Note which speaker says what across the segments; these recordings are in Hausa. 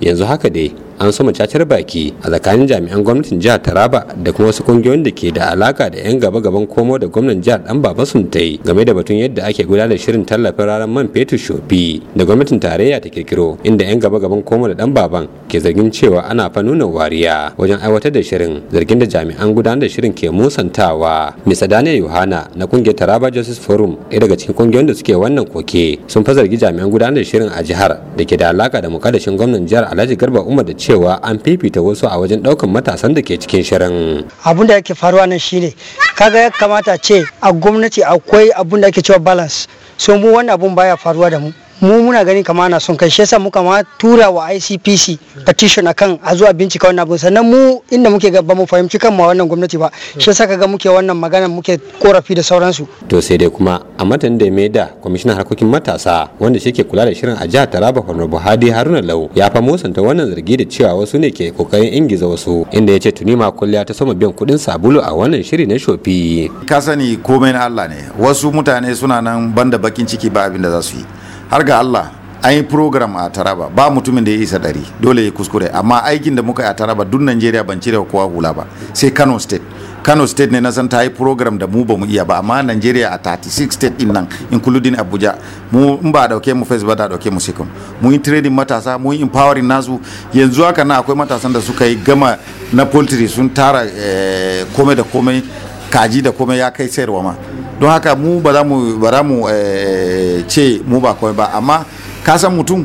Speaker 1: yanzu haka dai an soma cacar baki a tsakanin jami'an gwamnatin jihar taraba da kuma wasu kungiyoyin da ke da alaka da 'yan gaba-gaban komo da gwamnan jihar dan baba sun ta yi game da batun yadda ake gudanar shirin tallafin ranar man fetur shofi da gwamnatin tarayya ta kirkiro inda 'yan gaba-gaban komo da dan baban ke zargin cewa ana fa nuna wariya wajen aiwatar da shirin zargin da jami'an gudanar da shirin ke musantawa mr daniel yohana na kungiyar taraba justice forum ɗaya daga cikin kungiyoyin da suke wannan koke sun fa zargi jami'an gudanar da shirin a jihar da ke da alaka da mukaddashin gwamnan jihar alhaji garba umar da ce cewa an fifita wasu a wajen daukan matasan da ke cikin shirin
Speaker 2: abun da yake faruwa nan shine kaga ya kamata ce a gwamnati akwai abun da ake cewa balance so mu wannan abun baya faruwa da mu mu muna gani kama na son kai shi yasa muka ma tura wa ICPC petition akan a zuwa bincika wannan abin sannan mu inda muke ga ba mu fahimci kan ma wannan gwamnati ba shi yasa kaga muke wannan magana muke korafi da sauransu
Speaker 1: to sai dai kuma a matan da mai da kwamishinan harkokin matasa wanda shi ke kula da shirin a jihar Taraba Honorable Hadi Haruna Lau ya fa musanta wannan zargi da cewa wasu ne ke kokarin ingiza wasu inda yace ce tuni ma kulliya ta sama biyan kudin sabulu a wannan shiri na shofi ka sani komai na Allah ne wasu mutane suna nan banda
Speaker 3: bakin ciki ba abin da za su yi har ga Allah an yi program a taraba ba mutumin da ya isa ɗari dole ya kuskure amma aikin da muka yi a taraba duk najeriya ban cire kowa hula ba sai kano state kano state ne na san ta yi program da mu ba mu iya ba amma najeriya a 36 state din nan including abuja mu in ba dauke mu face ba da dauke mu sikum mu yi trading matasa mu yi empowering nasu yanzu haka na akwai matasan da suka yi gama na poultry sun tara eh, kome da komai kaji da komai ya kai sayarwa ma don haka mu ba za mu eh, ce mu ba kawai ba amma kasan mutum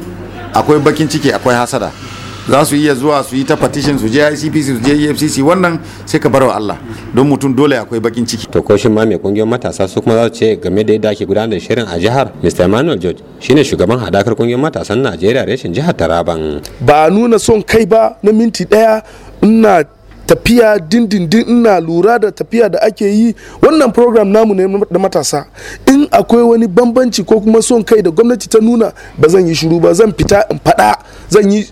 Speaker 3: akwai bakin ciki akwai hasada za su iya zuwa su yi ta petition su je ICPC su je EFCC wannan sai ka barwa Allah
Speaker 1: don mutum dole akwai bakin ciki to koshin ma mai kungiyar matasa su kuma za su ce game da yadda ake gudanar da shirin a jihar Mr. Emmanuel George shine shugaban hadakar kungiyar matasan Najeriya reshen jihar Taraban
Speaker 4: ba nuna son kai ba na minti daya ina tafiya dindindin ina lura da tafiya da ake yi wannan program namu ne da matasa in akwai wani bambanci ko kuma son kai da gwamnati ta nuna ba zan yi shiru ba zan fita in faɗa zan yi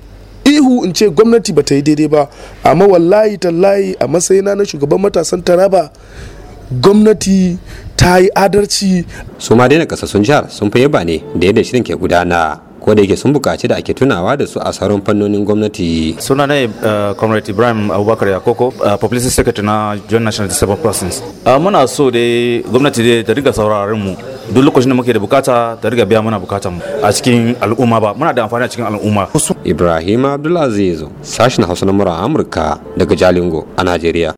Speaker 4: ihu in ce gwamnati ba ta yi daidai ba amma wallahi tallahi a matsayina na shugaban matasan taraba gwamnati ta yi adalci
Speaker 1: su ma daina kasassun jihar sun fi yaba ne da yadda shirin ke gudana ko da yake sun buƙaci da ake tunawa da su a sauran fannonin gwamnati suna ne eh, comrade ibrahim abubakar yakoko eh, publicity secretary na joint national disabled persons eh, muna so dai gwamnati dai ta riga sauraron mu duk lokacin da muke da bukata ta riga biya muna bukata mu a cikin al'umma ba muna da amfani a cikin al'umma ibrahim abdulaziz sashin hausa na mura amurka daga jalingo a najeriya